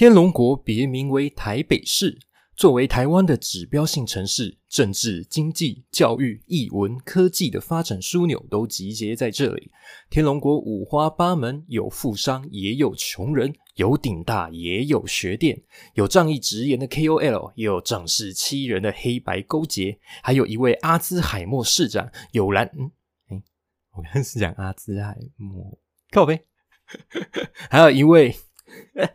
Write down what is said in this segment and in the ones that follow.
天龍國別名為台北市，作為台灣的指標性城市，政治、經濟、教育、藝文、科技的發展樞紐都集結在這裡。天龍國五花八門，有富商，也有窮人；有頂大，也有學店；有仗義直言的 KOL，也有仗勢欺人的黑白勾結；還有一位阿茲海默市長，有藍哎、嗯欸，我剛是講阿茲海默，靠杯，還有一位。呵呵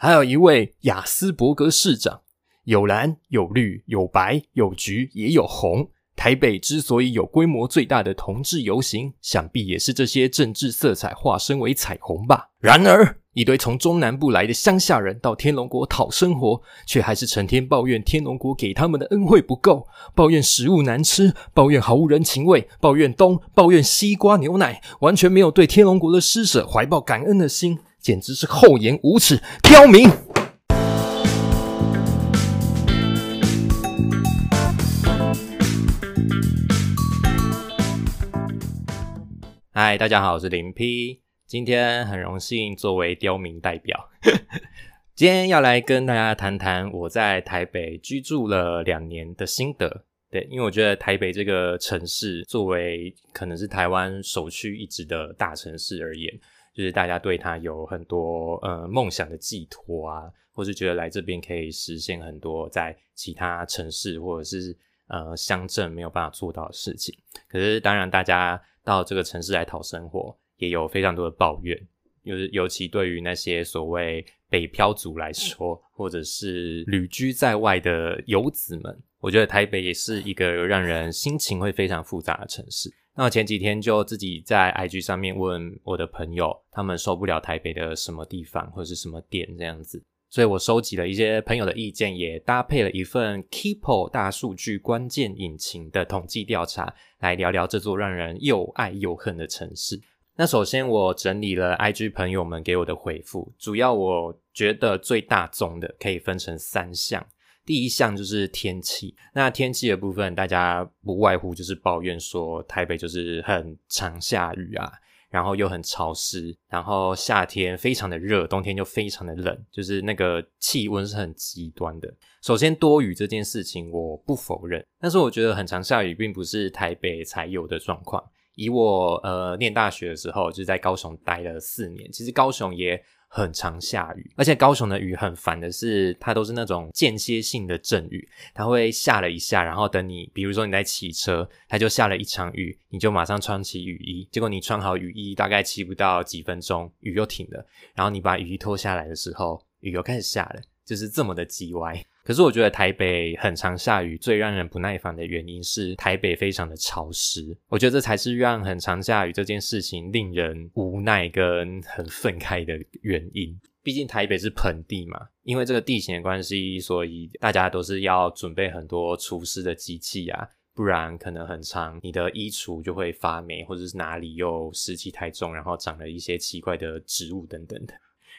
還有一位亞斯伯格市長，有藍有綠有白有橘也有紅。台北之所以有規模最大的同志遊行，想必也是這些政治色彩化身為彩虹吧。然而，一堆從中南部來的鄉下人到天龍國討生活，卻還是成天抱怨天龍國給他們的恩惠不夠，抱怨食物難吃，抱怨毫無人情味，抱怨東，抱怨西瓜牛奶，完全沒有對天龍國的施舍懷抱感恩的心。簡直是厚顏無恥，刁民！嗨，大家好，我是林批，今天很榮幸作為刁民代表，呵呵，今天要來跟大家談談我在台北居住了兩年的心得。對，因為我覺得台北這個城市，作為可能是台灣首屈一指的大城市而言。就是大家對他有很多呃夢想的寄托啊，或是覺得來這邊可以實現很多在其他城市或者是呃鄉鎮沒有辦法做到的事情。可是當然，大家到這個城市來討生活，也有非常多的抱怨，尤尤其對於那些所謂北漂族來說，或者是旅居在外的遊子們，我覺得台北也是一個讓人心情會非常複雜的城市。那我前幾天就自己在 IG 上面問我的朋友，他們受不了台北的什麼地方或者是什麼點這樣子，所以我收集了一些朋友的意見，也搭配了一份 Keepo 大數據關鍵引擎的統計調查，來聊聊這座讓人又愛又恨的城市。那首先我整理了 IG 朋友們給我的回覆，主要我覺得最大宗的可以分成三項。第一項就是天氣，那天氣的部分，大家不外乎就是抱怨說台北就是很常下雨啊，然後又很潮濕，然後夏天非常的熱，冬天就非常的冷，就是那個氣溫是很極端的。首先多雨這件事情我不否認，但是我覺得很常下雨並不是台北才有的狀況。以我呃念大學的時候，就是在高雄待了四年，其實高雄也很常下雨，而且高雄的雨很煩的是，它都是那種間歇性的陣雨，它會下了一下，然後等你，比如說你在騎車，它就下了一場雨，你就馬上穿起雨衣，結果你穿好雨衣，大概騎不到幾分鐘，雨又停了，然後你把雨衣脫下來的時候，雨又開始下了。就是這麼的雞歪。可是我覺得台北很常下雨，最讓人不耐煩的原因是台北非常的潮濕。我覺得這才是讓很常下雨這件事情令人無奈跟很憤慨的原因。畢竟台北是盆地嘛，因為這個地形的關係，所以大家都是要準備很多除濕的機器啊，不然可能很常你的衣櫥就會發霉，或者是哪裡又濕氣太重，然後長了一些奇怪的植物等等的。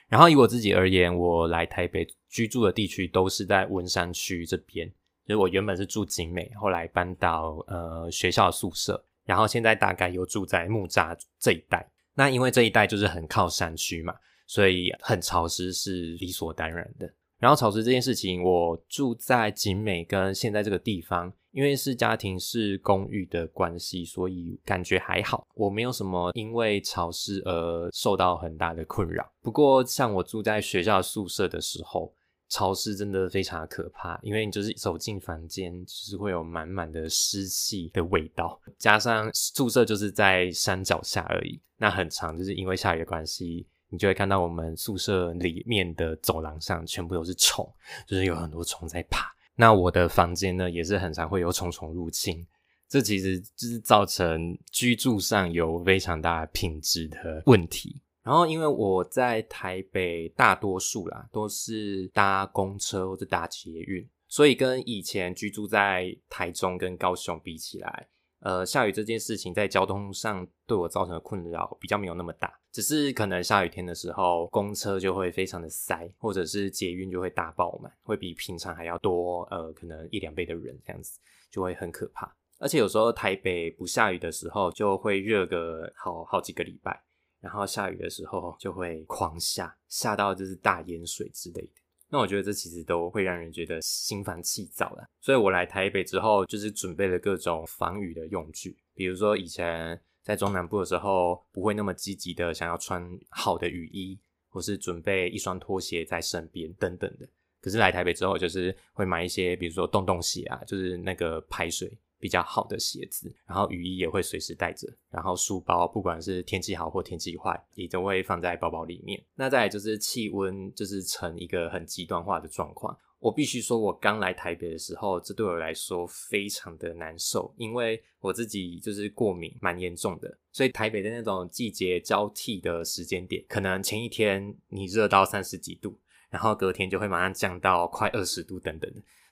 然後以我自己而言，我來台北居住的地區都是在文山區這邊。所以我原本是住景美，後來搬到呃學校宿舍，然後現在大概又住在木柵這一帶。那因為這一帶就是很靠山區嘛，所以很潮濕是理所當然的。然後潮濕這件事情，我住在景美跟現在這個地方。因為是家庭式公寓的關係，所以感覺還好，我沒有什麼因為潮濕而受到很大的困擾。不過，像我住在學校宿舍的時候，潮濕真的非常的可怕，因為你就是走進房間，就是會有滿滿的濕氣的味道，加上宿舍就是在山腳下而已，那很常，就是因為下雨的關係，你就會看到我們宿舍裡面的走廊上全部都是蟲，就是有很多蟲在爬。那我的房間呢，也是很常會有蟲蟲入侵，這其實就是造成居住上有非常大的品質的問題。然後，因為我在台北大多數啦都是搭公車或者搭捷運，所以跟以前居住在台中跟高雄比起來，呃，下雨這件事情在交通上對我造成的困擾比較沒有那麼大。只是可能下雨天的時候，公車就會非常的塞，或者是捷運就會大爆滿，會比平常還要多，呃，可能一兩倍的人這樣子，就會很可怕。而且有時候台北不下雨的時候，就會熱個好好幾個禮拜，然後下雨的時候就會狂下，下到就是大淹水之類的。那我覺得這其實都會讓人覺得心煩氣躁啦。所以我來台北之後，就是準備了各種防雨的用具，比如說以前。在中南部的時候，不會那麼積極的想要穿好的雨衣，或是準備一雙拖鞋在身邊等等的。可是來台北之後，就是會買一些，比如說洞洞鞋啊，就是那個排水比較好的鞋子。然後雨衣也會隨時帶着，然後書包不管是天氣好或天氣壞，也都會放在包包裡面。那再來就是氣溫，就是呈一個很極端化的狀況。我必須說，我剛來台北的時候，這對我來說非常的難受，因為我自己就是過敏，蠻嚴重的。所以台北的那種季節交替的時間點，可能前一天你熱到三十幾度，然後隔天就會馬上降到快二十度，等等。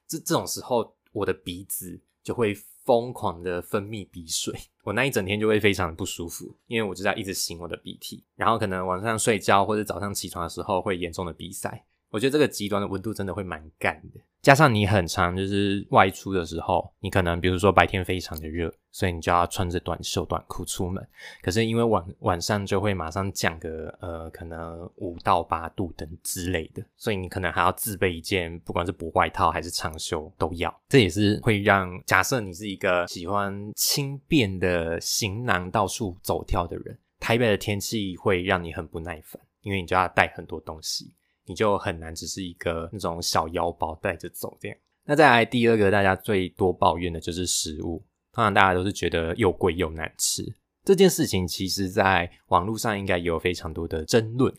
這這種時候，我的鼻子就會瘋狂的分泌鼻水，我那一整天就會非常的不舒服，因為我就在一直擤我的鼻涕，然後可能晚上睡覺或者早上起床的時候會嚴重的鼻塞。我覺得這個極端的溫度真的會蠻乾的，加上你很常就是外出的時候，你可能比如說白天非常的熱，所以你就要穿着短袖短褲出門。可是因為晚晚上就會馬上降個呃，可能五到八度等之類的，所以你可能還要自備一件，不管是薄外套還是長袖都要。這也是會讓假設你是一個喜歡輕便的行囊到處走跳的人，台北的天氣會讓你很不耐煩，因為你就要帶很多東西。你就很難只是一個那種小腰包帶着走這樣。那再來第二個，大家最多抱怨的就是食物，通常大家都是覺得又貴又難吃。這件事情其實在網絡上應該有非常多的爭論，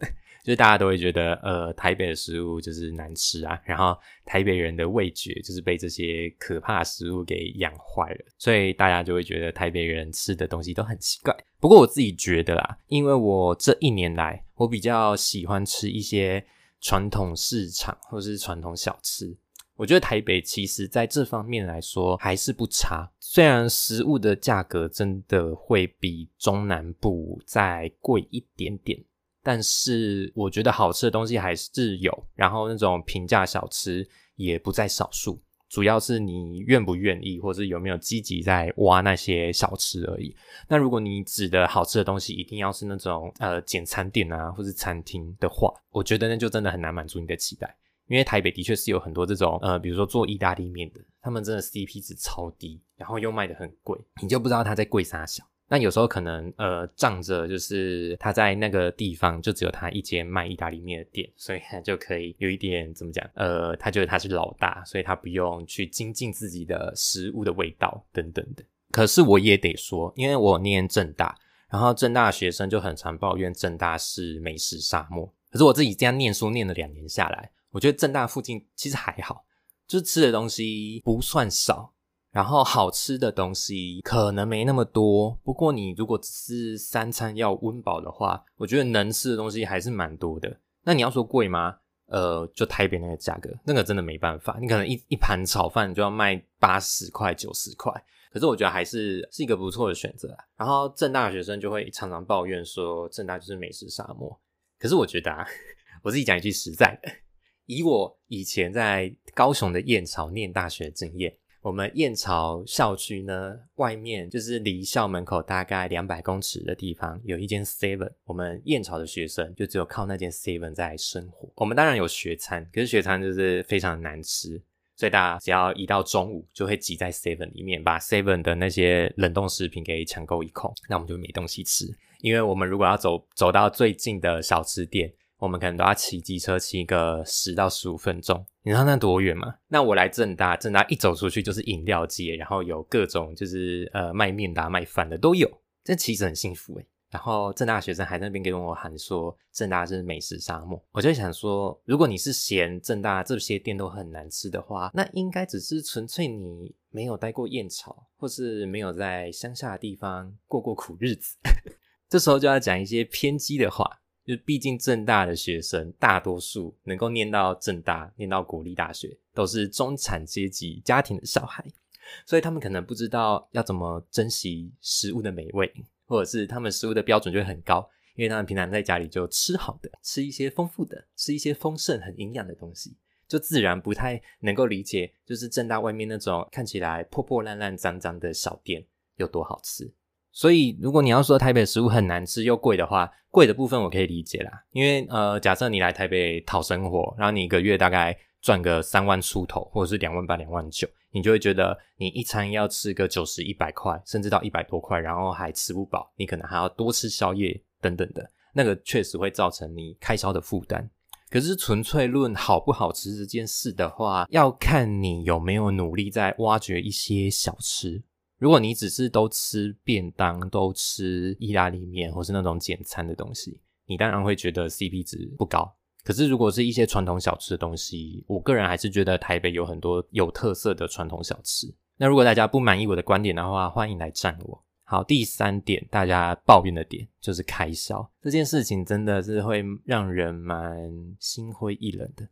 就是大家都會覺得，呃，台北的食物就是難吃啊，然後台北人的味覺就是被這些可怕的食物給養壞了，所以大家就會覺得台北人吃的東西都很奇怪。不過我自己覺得啊，因為我這一年來我比較喜歡吃一些。傳統市場或是傳統小吃，我覺得台北其實在這方面來說還是不差。雖然食物的價格真的會比中南部再貴一點點，但是我覺得好吃的東西還是有，然後那種平價小吃也不在少數。主要是你願不願意，或是有沒有積極在挖那些小吃而已。那如果你指的好吃的東西一定要是那種呃簡餐店啊，或是餐廳的話，我覺得那就真的很難滿足你的期待，因為台北的確是有很多這種呃，比如說做意大利麵的，他們真的 CP 值超低，然後又賣的很貴，你就不知道他在貴啥小。那有時候可能呃，仗着就是他在那個地方就只有他一間賣意大利麵的店，所以他就可以有一點怎麼講呃，他覺得他是老大，所以他不用去精進自己的食物的味道等等的。可是我也得說，因為我念政大，然後政大的學生就很常抱怨政大是美食沙漠。可是我自己這樣念書念了兩年下來，我覺得政大附近其實還好，就是吃的東西不算少。然後好吃的東西可能沒那麼多，不過你如果吃三餐要溫飽的話，我覺得能吃的東西還是蠻多的。那你要說貴嗎？呃，就台北那個價格，那個真的沒辦法。你可能一一盤炒飯就要賣八十塊、九十塊，可是我覺得還是是一個不錯的選擇。然後政大的學生就會常常抱怨說，政大就是美食沙漠。可是我覺得，啊，我自己講一句實在的，以我以前在高雄的燕巢念大學的經驗。我們燕巢校區呢，外面就是離校門口大概兩百公尺的地方，有一間 Seven。我們燕巢的學生就只有靠那間 Seven 在生活。我們當然有學餐，可是學餐就是非常難吃，所以大家只要一到中午就會擠在 Seven 裡面，把 Seven 的那些冷凍食品給搶購一空，那我們就沒東西吃。因為我們如果要走走到最近的小吃店，我們可能都要騎機車騎個十到十五分鐘，你知道那多遠嗎？那我來政大，政大一走出去就是飲料街，然後有各種就是呃賣麵的、啊、賣飯的都有，這其實很幸福哎。然後政大的學生還在那邊給我喊說政大是美食沙漠，我就想說，如果你是嫌政大這些店都很難吃的話，那應該只是純粹你沒有待過燕巢，或是沒有在鄉下的地方過過苦日子。 這時候就要講一些偏激的話。就畢竟政大的學生大多數能夠念到政大，念到國立大學，都是中產階級家庭的小孩，所以他們可能不知道要怎麼珍惜食物的美味，或者是他們食物的標準就會很高，因為他們平常在家裡就吃好的，吃一些豐富的，吃一些豐盛很營養的東西，就自然不太能夠理解，就是政大外面那種看起來破破爛爛髒髒的小店有多好吃。所以，如果你要說台北食物很難吃又貴的話，貴的部分我可以理解啦。因為呃，假設你來台北討生活，然後你一個月大概賺個三萬出頭，或者是兩萬八、兩萬九，你就會覺得你一餐要吃個九十一百塊，甚至到一百多塊，然後還吃不飽，你可能還要多吃宵夜等等的，那個確實會造成你開銷的負擔。可是純粹論好不好吃這件事的話，要看你有沒有努力在挖掘一些小吃。如果你只是都吃便當、都吃意大利麵或是那種簡餐的東西，你當然會覺得 CP 值不高。可是如果是一些傳統小吃的東西，我個人還是覺得台北有很多有特色的傳統小吃。那如果大家不滿意我的觀點的話，歡迎來戰我。好，第三點大家抱怨的點就是開銷這件事情，真的是會讓人蠻心灰意冷的。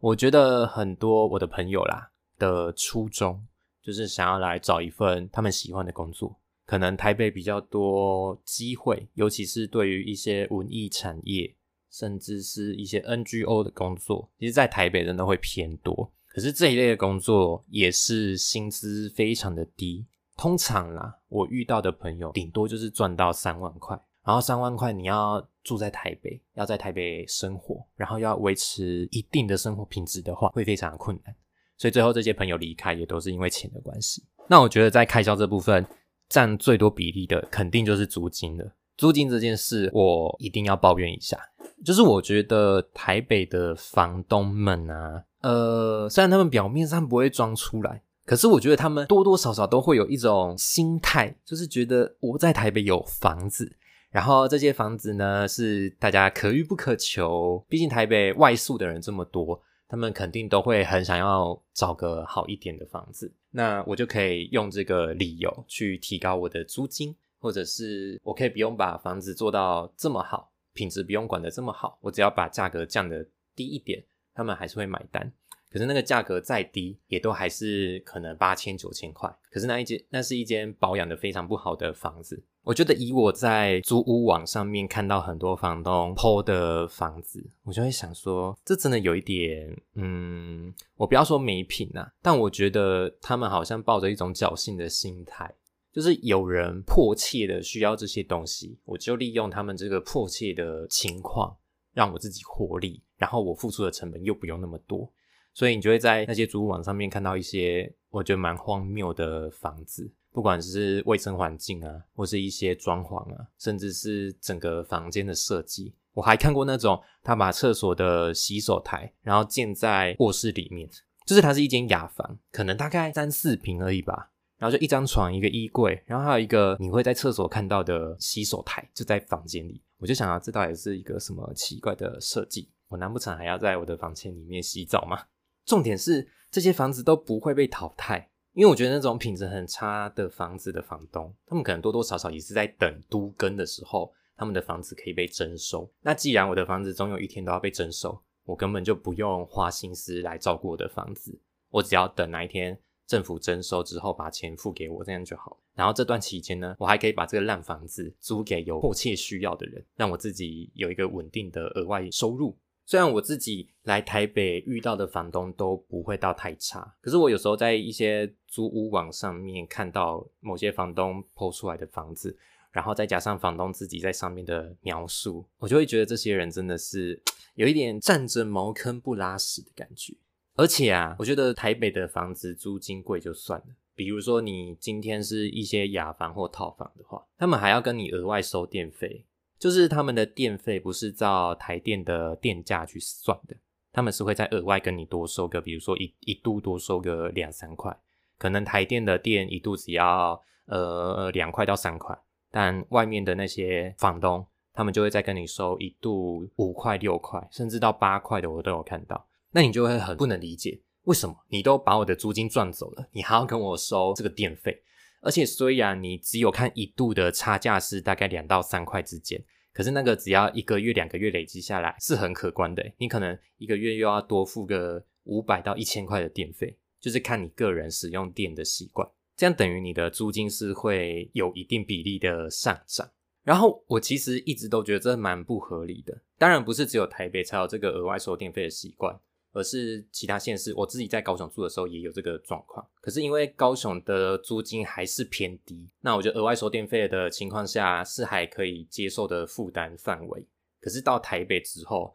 我覺得很多我的朋友啦的初衷。就是想要來找一份他們喜歡的工作，可能台北比較多機會，尤其是對於一些文藝產業，甚至是一些 NGO 的工作，其實，在台北真的會偏多。可是這一類的工作也是薪資非常的低，通常啦，我遇到的朋友頂多就是賺到三萬塊，然後三萬塊你要住在台北，要在台北生活，然後要維持一定的生活品質的話，會非常的困難。所以最後這些朋友離開也都是因為錢的關係。那我覺得在開銷這部分佔最多比例的，肯定就是租金了。租金這件事我一定要抱怨一下，就是我覺得台北的房東們啊，呃，雖然他們表面上不會裝出來，可是我覺得他們多多少少都會有一種心態，就是覺得我在台北有房子，然後這些房子呢是大家可遇不可求，畢竟台北外宿的人這麼多。他們肯定都會很想要找個好一點的房子，那我就可以用這個理由去提高我的租金，或者是我可以不用把房子做到這麼好，品質不用管得這麼好，我只要把價格降得低一點，他們還是會買單。可是那個價格再低，也都還是可能八千九千塊。可是那一間，那是一間保養得非常不好的房子。我覺得以我在租屋網上面看到很多房東 po 的房子，我就會想說，這真的有一點，嗯，我不要說沒品啊，但我覺得他們好像抱着一種僥幸的心態，就是有人迫切的需要這些東西，我就利用他們這個迫切的情況，讓我自己獲利，然後我付出的成本又不用那麼多，所以你就會在那些租屋網上面看到一些我覺得蠻荒謬的房子。不管是衛生環境啊，或是一些裝潢啊，甚至是整個房間的設計，我還看過那種他把廁所的洗手台，然後建在臥室裡面，就是它是一間雅房，可能大概三四坪而已吧，然後就一張床一個衣櫃，然後還有一個你會在廁所看到的洗手台就在房間裡，我就想要知道，也是一個什麼奇怪的設計，我難不成還要在我的房間裡面洗澡嗎？重點是這些房子都不會被淘汰。因為我覺得那種品質很差的房子的房東，他們可能多多少少也是在等都更的時候，他們的房子可以被徵收。那既然我的房子總有一天都要被徵收，我根本就不用花心思來照顧我的房子。我只要等哪一天政府徵收之後把錢付給我，這樣就好。然後這段期間呢，我還可以把這個爛房子租給有迫切需要的人，讓我自己有一個穩定的額外收入。雖然我自己來台北遇到的房東都不會到太差，可是我有時候在一些租屋網上面看到某些房東 PO 出來的房子，然後再加上房東自己在上面的描述，我就會覺得這些人真的是有一點佔着茅坑不拉屎的感覺。而且啊，我覺得台北的房子租金貴就算了，比如說你今天是一些雅房或套房的話，他們還要跟你額外收電費。就是他們的電費不是照台電的電價去算的，他們是會在額外跟你多收個，比如說一一度多收個兩三塊，可能台電的電一度只要呃兩塊到三塊，但外面的那些房東，他們就會再跟你收一度五塊六塊，甚至到八塊的，我都有看到。那你就會很不能理解，為什麼你都把我的租金賺走了，你還要跟我收這個電費？而且雖然你只有看一度的差價是大概兩到三塊之間，可是那個只要一個月兩個月累積下來是很可觀的。你可能一個月又要多付個五百到一千塊的電費，就是看你個人使用電的習慣。這樣等於你的租金是會有一定比例的上漲。然後我其實一直都覺得這蠻不合理的。當然不是只有台北才有這個額外收電費的習慣。而是其他縣市，我自己在高雄住的時候也有這個狀況。可是因為高雄的租金還是偏低，那我覺得額外收電費的情況下，是還可以接受的負擔範圍。可是到台北之後，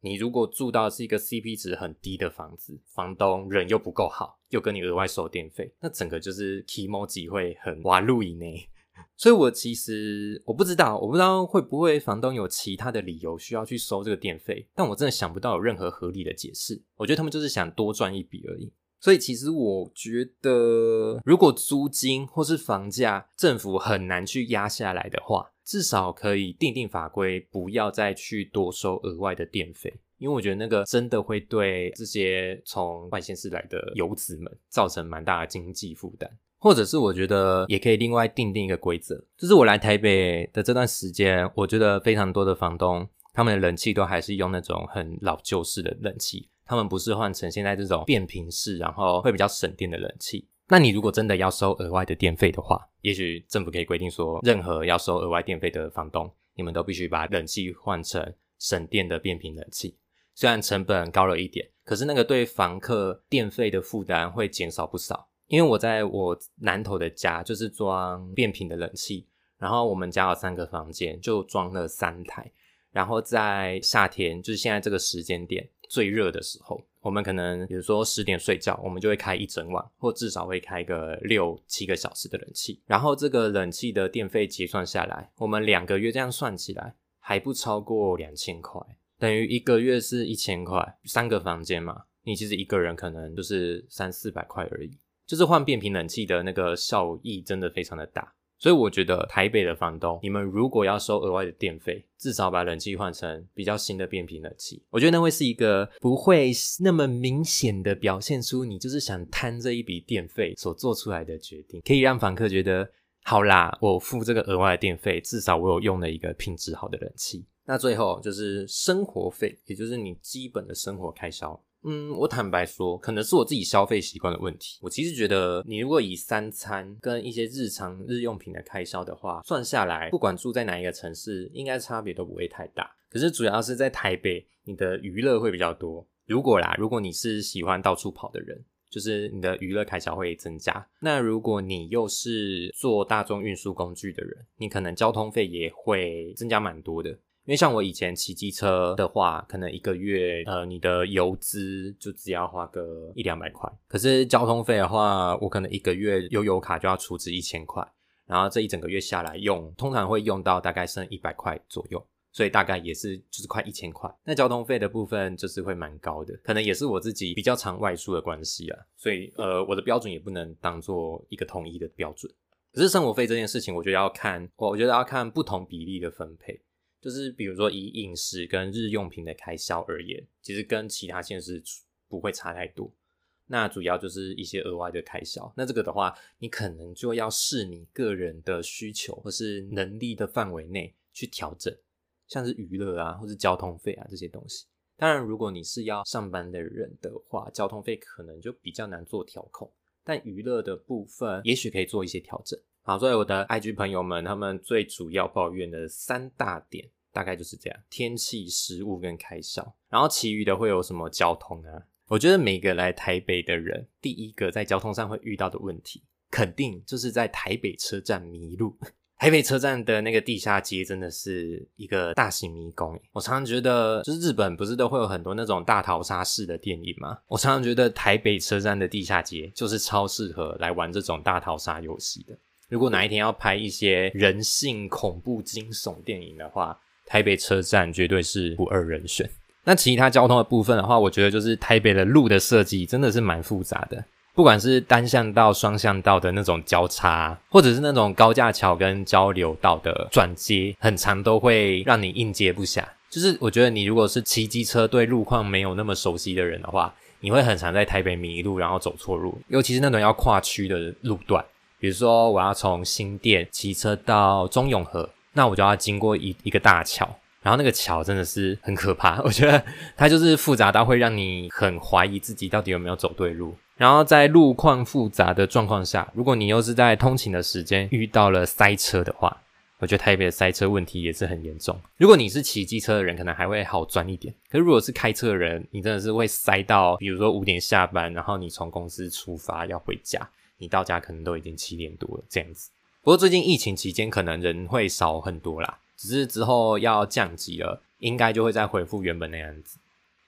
你如果住到是一個 CP 值很低的房子，房東人又不夠好，又跟你額外收電費，那整個就是期末機會很哇路以內。所以，我其實我不知道，我不知道會不會房東有其他的理由需要去收這個電費，但我真的想不到有任何合理的解釋。我覺得他們就是想多賺一筆而已。所以，其實我覺得，如果租金或是房價，政府很難去壓下來的話，至少可以訂定法規，不要再去多收額外的電費，因為我覺得那個真的會對這些從外縣市來的遊子們造成蠻大的經濟負擔。或者是我覺得也可以另外訂定一個規則，就是我來台北的這段時間，我覺得非常多的房東，他們的冷氣都還是用那種很老舊式的冷氣，他們不是換成現在這種變頻式，然後會比較省電的冷氣。那你如果真的要收額外的電費的話，也許政府可以規定說，任何要收額外電費的房東，你們都必須把冷氣換成省電的變頻冷氣，雖然成本高了一點，可是那個對房客電費的負擔會減少不少。因為我在我南投的家就是裝變頻的冷氣，然後我們家有三個房間，就裝了三台。然後在夏天，就是現在這個時間點最熱的時候，我們可能比如說十點睡覺，我們就會開一整晚，或至少會開個六七個小時的冷氣。然後這個冷氣的電費結算下來，我們兩個月這樣算起來還不超過兩千塊，等於一個月是一千塊。三個房間嘛，你其實一個人可能就是三四百塊而已。就是換變頻冷氣的那個效益真的非常的大，所以我覺得台北的房東，你們如果要收額外的電費，至少把冷氣換成比較新的變頻冷氣，我覺得那會是一個不會那麼明顯的表現出你就是想貪這一筆電費所做出來的決定，可以讓房客覺得好啦，我付這個額外的電費，至少我有用了一個品質好的冷氣。那最後就是生活費，也就是你基本的生活開銷。嗯，我坦白說，可能是我自己消費習慣的問題。我其實覺得，你如果以三餐跟一些日常日用品的開銷的話，算下來，不管住在哪一個城市，應該差別都不會太大。可是主要是在台北，你的娛樂會比較多。如果啦，如果你是喜歡到處跑的人，就是你的娛樂開銷會增加。那如果你又是坐大眾運輸工具的人，你可能交通費也會增加蠻多的。因為像我以前騎機車的話，可能一個月呃，你的油資就只要花個一兩百塊。可是交通費的話，我可能一個月悠遊卡就要儲值一千塊，然後這一整個月下來用，通常會用到大概剩一百塊左右，所以大概也是就是快一千塊。那交通費的部分就是會蠻高的，可能也是我自己比較常外出的關係啊，所以呃，我的標準也不能當做一個統一的標準。可是生活費這件事情，我覺得要看，我我覺得要看不同比例的分配。就是比如說以飲食跟日用品的開銷而言，其實跟其他縣市不會差太多。那主要就是一些額外的開銷。那這個的話，你可能就要視你個人的需求或是能力的範圍內去調整，像是娛樂啊，或是交通費啊這些東西。當然，如果你是要上班的人的話，交通費可能就比較難做調控，但娛樂的部分也許可以做一些調整。好，所以我的 IG 朋友們，他們最主要抱怨的三大點大概就是這樣：天氣、食物跟開銷。然後其餘的會有什麼交通啊，我覺得每個來台北的人，第一個在交通上會遇到的問題，肯定就是在台北車站迷路。 台北車站的那個地下街真的是一個大型迷宮。我常常覺得，就是日本不是都會有很多那種大逃殺式的電影嗎？我常常覺得台北車站的地下街就是超適合來玩這種大逃殺遊戲的。如果哪一天要拍一些人性恐怖驚悚電影的話，台北車站絕對是不二人選。那其他交通的部分的話，我覺得就是台北的路的設計真的是蠻複雜的，不管是單向道、雙向道的那種交叉，或者是那種高架橋跟交流道的轉接，很常都會讓你應接不暇。就是我覺得你如果是騎機車對路況沒有那麼熟悉的人的話，你會很常在台北迷路，然後走錯路，尤其是那種要跨區的路段。比如說，我要從新店騎車到中永和，那我就要經過一一個大橋，然後那個橋真的是很可怕。我覺得它就是複雜到會讓你很懷疑自己到底有沒有走對路。然後在路況複雜的狀況下，如果你又是在通勤的時間遇到了塞車的話，我覺得台北的塞車問題也是很嚴重。如果你是騎機車的人，可能還會好鑽一點，可是如果是開車的人，你真的是會塞到，比如說五點下班，然後你從公司出發要回家。你到家可能都已經七點多了這樣子，不過最近疫情期間可能人會少很多啦。只是之後要降級了，應該就會再回復原本那樣子。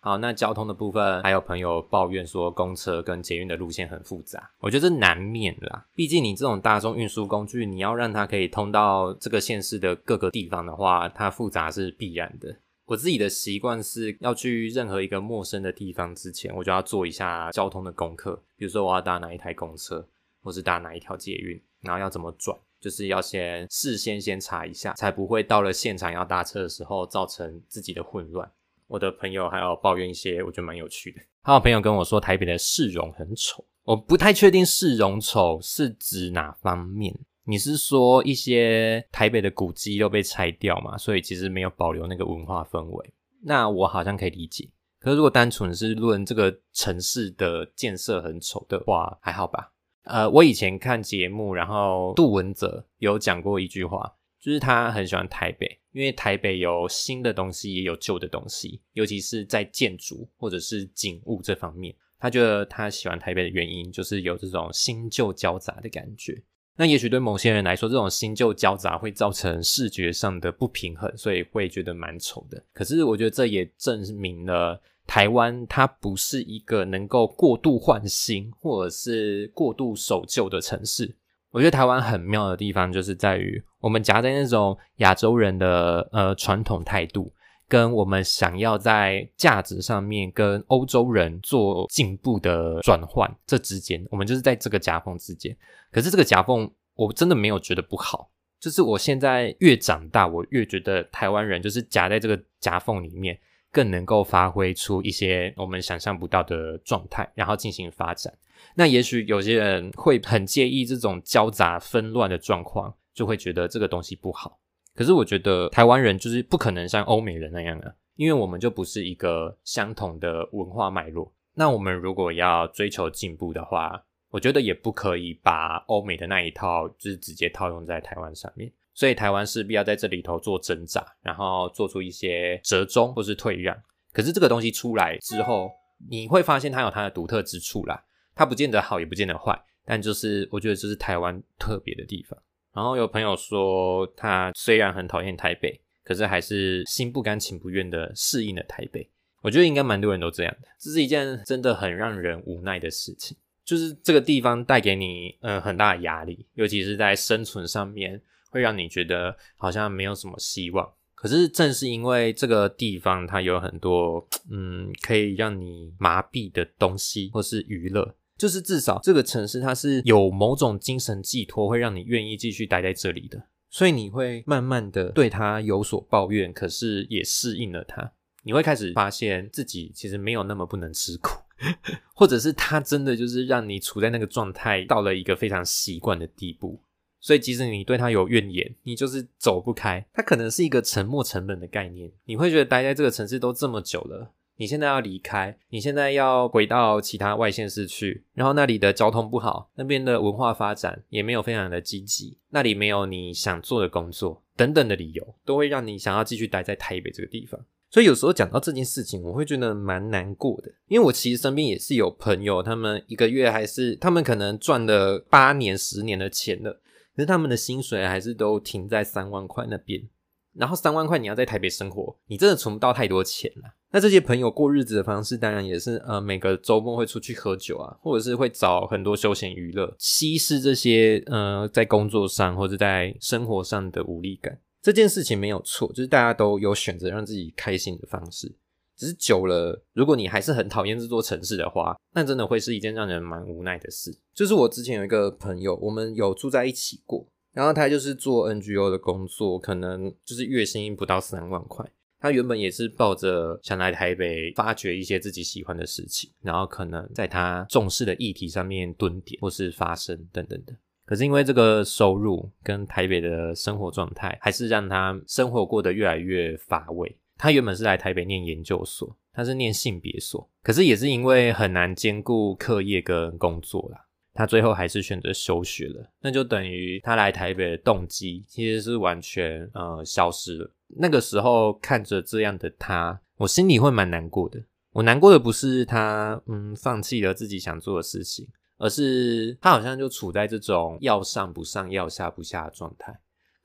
好，那交通的部分，還有朋友抱怨說公車跟捷運的路線很複雜，我覺得這難免啦。畢竟你這種大眾運輸工具，你要讓它可以通到這個縣市的各個地方的話，它複雜是必然的。我自己的習慣是要去任何一個陌生的地方之前，我就要做一下交通的功課，比如說我要搭哪一台公車。或是搭哪一條捷運，然後要怎麼轉，就是要先事先先查一下，才不會到了現場要搭車的時候造成自己的混亂。我的朋友還有抱怨一些，我覺得蠻有趣的。他有朋友跟我說，台北的市容很醜，我不太確定市容醜是指哪方面。你是說一些台北的古蹟都被拆掉嘛？所以其實沒有保留那個文化氛圍。那我好像可以理解。可是如果單純是論這個城市的建設很醜的話，還好吧？呃，我以前看節目，然後杜汶澤有講過一句話，就是他很喜歡台北，因為台北有新的東西，也有舊的東西，尤其是在建築或者是景物這方面，他覺得他喜歡台北的原因就是有這種新舊交雜的感覺。那也許對某些人來說，這種新舊交雜會造成視覺上的不平衡，所以會覺得蠻醜的。可是我覺得這也證明了。台灣它不是一個能夠過度換新或者是過度守舊的城市。我覺得台灣很妙的地方，就是在於我們夾在那種亞洲人的，呃，傳統態度，跟我們想要在價值上面跟歐洲人做進步的轉換，這之間，我們就是在這個夾縫之間。可是這個夾縫，我真的沒有覺得不好。就是我現在越長大，我越覺得台灣人就是夾在這個夾縫裡面。更能夠發揮出一些我們想象不到的狀態，然後進行發展。那也許有些人會很介意這種交雜紛亂的狀況，就會覺得這個東西不好。可是我覺得台灣人就是不可能像歐美人那樣啊，因為我們就不是一個相同的文化脈絡。那我們如果要追求進步的話，我覺得也不可以把歐美的那一套就是直接套用在台灣上面。所以台灣勢必要在這裡頭做掙扎，然後做出一些折中或是退讓。可是這個東西出來之後，你會發現它有它的獨特之處啦。它不見得好，也不見得壞，但就是我覺得這是台灣特別的地方。然後有朋友說，他雖然很討厭台北，可是還是心不甘情不願地適應了台北。我覺得應該蠻多人都這樣的。這是一件真的很讓人無奈的事情，就是這個地方帶給你呃很大的壓力，尤其是在生存上面。會讓你覺得好像沒有什麼希望，可是正是因為這個地方，它有很多嗯，可以讓你麻痹的東西，或是娛樂，就是至少這個城市它是有某種精神寄托，會讓你願意繼續待在這裡的。所以你會慢慢的對它有所抱怨，可是也適應了它。你會開始發現自己其實沒有那麼不能吃苦， 或者是它真的就是讓你處在那個狀態，到了一個非常習慣的地步。所以，即使你對他有怨言，你就是走不開。他可能是一個沉沒成本的概念。你會覺得待在這個城市都這麼久了，你現在要離開，你現在要回到其他外縣市去，然後那裡的交通不好，那邊的文化發展也沒有非常的積極，那裡沒有你想做的工作等等的理由，都會讓你想要繼續待在台北這個地方。所以，有時候講到這件事情，我會覺得蠻難過的，因為我其實身邊也是有朋友，他們一個月還是他們可能賺了八年、十年的錢了。可是他們的薪水還是都停在三萬塊那邊，然後三萬塊你要在台北生活，你真的存不到太多錢啦。那這些朋友過日子的方式，當然也是呃，每個周末會出去喝酒啊，或者是會找很多休閒娛樂，稀釋這些呃在工作上或者在生活上的無力感。這件事情沒有錯，就是大家都有選擇讓自己開心的方式。只是久了，如果你還是很討厭這座城市的話，那真的會是一件讓人蠻無奈的事。就是我之前有一個朋友，我們有住在一起過，然後他就是做 NGO 的工作，可能就是月薪不到三萬塊。他原本也是抱着想來台北發掘一些自己喜歡的事情，然後可能在他重視的議題上面蹲點或是發聲等等的。可是因為這個收入跟台北的生活狀態，還是讓他生活過得越來越乏味。他原本是來台北念研究所，他是念性別所，可是也是因為很難兼顧課業跟工作啦，他最後還是選擇休學了。那就等於他來台北的動機其實是完全呃消失了。那個時候看着這樣的他，我心裡會蠻難過的。我難過的不是他嗯放棄了自己想做的事情，而是他好像就處在這種要上不上、要下不下的狀態。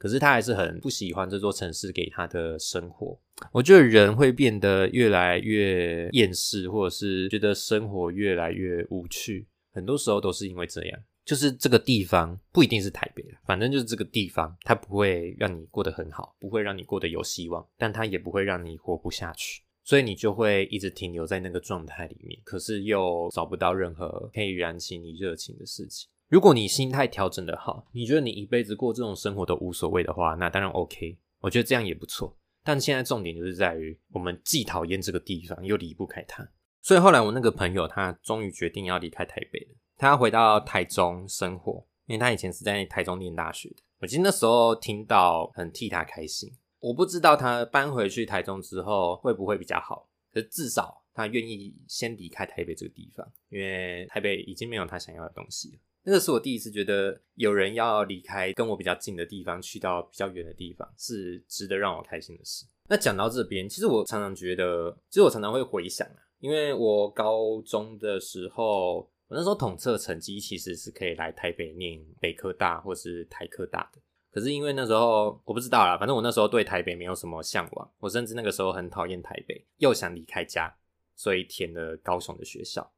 可是他還是很不喜歡這座城市給他的生活。我覺得人會變得越來越厭世，或者是覺得生活越來越無趣。很多時候都是因為這樣，就是這個地方不一定是台北，反正就是這個地方，它不會讓你過得很好，不會讓你過得有希望，但它也不會讓你活不下去。所以你就會一直停留在那個狀態裡面，可是又找不到任何可以燃起你熱情的事情。如果你心態調整的好，你覺得你一輩子過這種生活都無所謂的話，那當然 OK。我覺得這樣也不錯。但現在重點就是在於，我們既討厭這個地方，又離不開它。所以後來我那個朋友，他終於決定要離開台北了。他要回到台中生活，因為他以前是在台中念大學的。我記得那時候聽到很替他開心。我不知道他搬回去台中之後會不會比較好，可是至少他願意先離開台北這個地方，因為台北已經沒有他想要的東西了。那個是我第一次覺得有人要離開跟我比較近的地方，去到比較遠的地方是值得讓我開心的事。那講到這邊，其實我常常覺得，其實我常常會回想啊，因為我高中的時候，我那時候統測成績其實是可以來台北念北科大或是台科大的，可是因為那時候我不知道啦，反正我那時候對台北沒有什麼嚮往，我甚至那個時候很討厭台北，又想離開家，所以填了高雄的學校。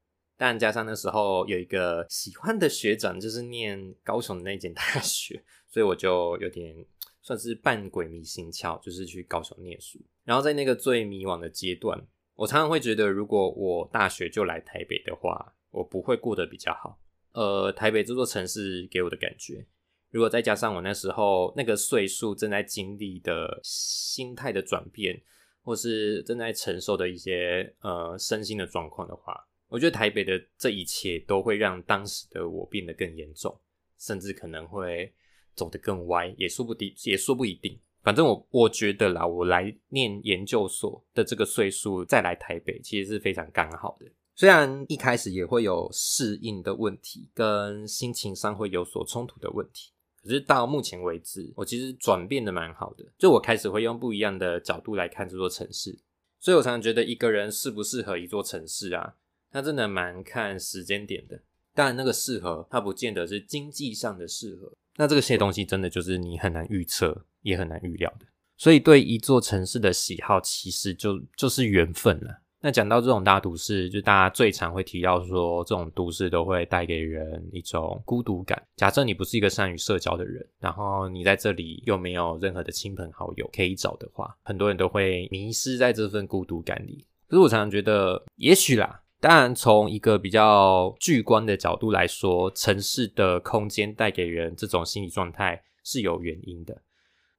但加上那時候有一個喜歡的學長，就是念高雄的那間大學，所以我就有點算是半鬼迷心竅，就是去高雄念書。然後在那個最迷惘的階段，我常常會覺得，如果我大學就來台北的話，我不會過得比較好。呃，台北這座城市給我的感覺，如果再加上我那時候那個歲數正在經歷的心態的轉變，或是正在承受的一些呃身心的狀況的話。我覺得台北的這一切都會讓當時的我變得更嚴重，甚至可能會走得更歪，也說不定，也說不一定。反正我我覺得啦，我來念研究所的這個歲數再來台北，其實是非常剛好的。雖然一開始也會有適應的問題，跟心情上會有所衝突的問題，可是到目前為止，我其實轉變得蠻好的。就我開始會用不一樣的角度來看這座城市，所以我常常覺得一個人適不適合一座城市啊。那真的蠻看時間點的，但那個適合，它不見得是經濟上的適合。那這個些東西真的就是你很難預測，也很難預料的。所以對一座城市的喜好，其實就就是緣分啦。那講到這種大都市，就大家最常會提到說，這種都市都會帶給人一種孤獨感。假設你不是一個善於社交的人，然後你在這裡又沒有任何的親朋好友可以找的話，很多人都會迷失在這份孤獨感裡。可是我常常覺得，也許啦。當然，從一個比較巨觀的角度來說，城市的空間帶給人這種心理狀態是有原因的。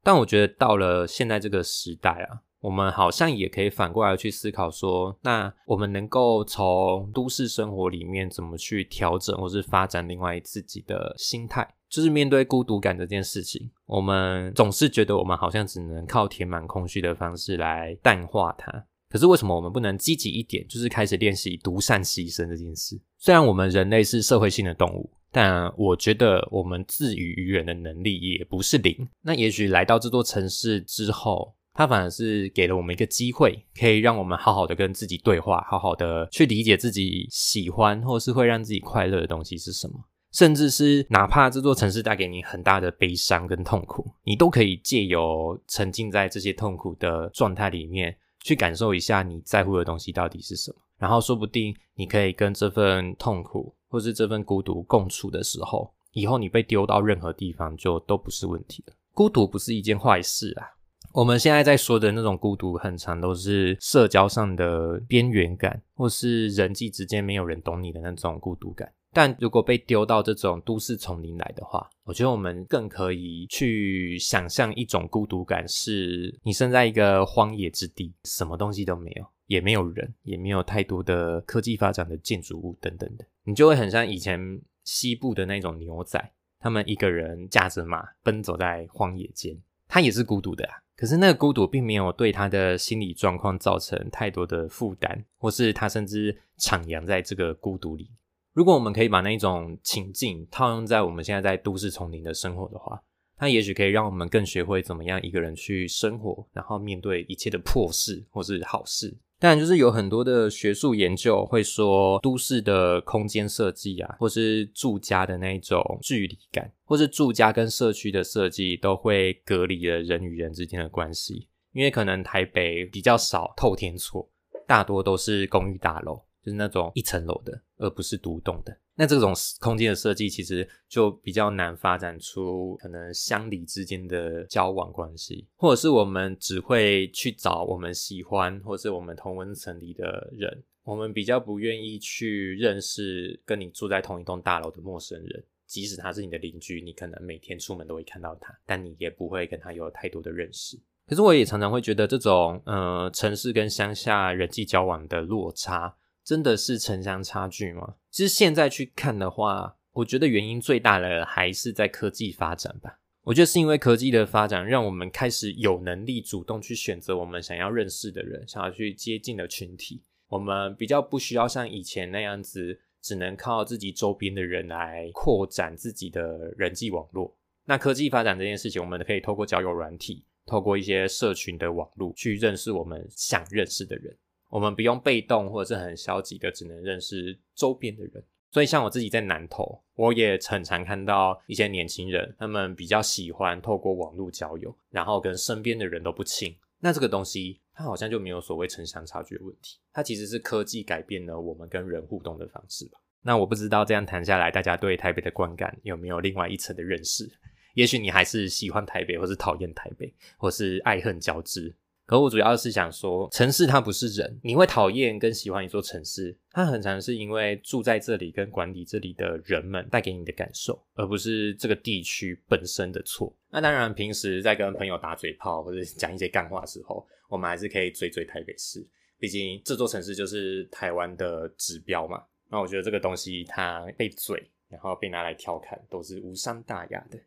但我覺得到了現在這個時代啊，我們好像也可以反過來去思考說，那我們能夠從都市生活裡面怎麼去調整，或是發展另外自己的心態，就是面對孤獨感這件事情，我們總是覺得我們好像只能靠填滿空虛的方式來淡化它。可是為什麼我們不能積極一點，就是開始練習獨善其身這件事？雖然我們人類是社會性的動物，但我覺得我們自娛娛人的能力也不是零。那也許來到這座城市之後，它反而是給了我們一個機會，可以讓我們好好的跟自己對話，好好的去理解自己喜歡或是會讓自己快樂的東西是什麼。甚至是哪怕這座城市帶給你很大的悲傷跟痛苦，你都可以借由沉浸在這些痛苦的狀態裡面。去感受一下你在乎的東西到底是什麼，然後說不定你可以跟這份痛苦或是這份孤獨共處的時候，以後你被丟到任何地方就都不是問題了。孤獨不是一件壞事啊，我們現在在說的那種孤獨，很常都是社交上的邊緣感，或是人際之間沒有人懂你的那種孤獨感。但如果被丟到這種都市叢林來的話，我覺得我們更可以去想象一種孤獨感，是你身在一個荒野之地，什麼東西都沒有，也沒有人，也沒有太多的科技發展的建築物等等的，你就會很像以前西部的那種牛仔，他們一個人駕着馬奔走在荒野間，他也是孤獨的，啊，可是那個孤獨並沒有對他的心理狀況造成太多的負擔，或是他甚至徜徉在這個孤獨裡。如果我們可以把那種情境套用在我們現在在都市叢林的生活的話，它也許可以讓我們更學會怎麼樣一個人去生活，然後面對一切的破事或是好事。當然就是有很多的學術研究會說，都市的空間設計啊，或是住家的那種距離感，或是住家跟社區的設計，都會隔離了人與人之間的關係。因為可能台北比較少透天厝，大多都是公寓大樓。就是那種一層樓的，而不是獨棟的。那這種空間的設計，其實就比較難發展出可能鄉里之間的交往關係，或者是我們只會去找我們喜歡，或是我們同溫層裡的人。我們比較不願意去認識跟你住在同一棟大樓的陌生人，即使他是你的鄰居，你可能每天出門都會看到他，但你也不會跟他有太多的認識。可是我也常常會覺得，這種，呃，城市跟鄉下人際交往的落差。真的是城鄉差距嗎？其實現在去看的話，我覺得原因最大的還是在科技發展吧。我覺得是因為科技的發展，讓我們開始有能力主動去選擇我們想要認識的人，想要去接近的群體。我們比較不需要像以前那樣子，只能靠自己周邊的人來擴展自己的人際網絡。那科技發展這件事情，我們可以透過交友軟體，透過一些社群的網絡，去認識我們想認識的人。我們不用被動或者是很消極的，只能認識周邊的人。所以像我自己在南投，我也很常看到一些年輕人，他們比較喜歡透過網絡交友，然後跟身邊的人都不親。那這個東西，它好像就沒有所謂城鄉差距的問題，它其實是科技改變了我們跟人互動的方式吧。那我不知道這樣談下來，大家對台北的觀感有沒有另外一層的認識？也許你還是喜歡台北，或是討厭台北，或是愛恨交織。可我主要是想說，城市它不是人，你會討厭跟喜歡一座城市，它很常是因為住在這裡跟管理這裡的人們帶給你的感受，而不是這個地區本身的錯。那當然，平時在跟朋友打嘴炮或者講一些幹話的時候，我們還是可以嘴嘴台北市，畢竟這座城市就是台灣的指標嘛。那我覺得這個東西它被嘴，然後被拿來調侃，都是無傷大雅的。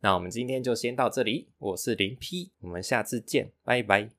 那我們今天就先到這裡，我是林批，我們下次見，拜拜。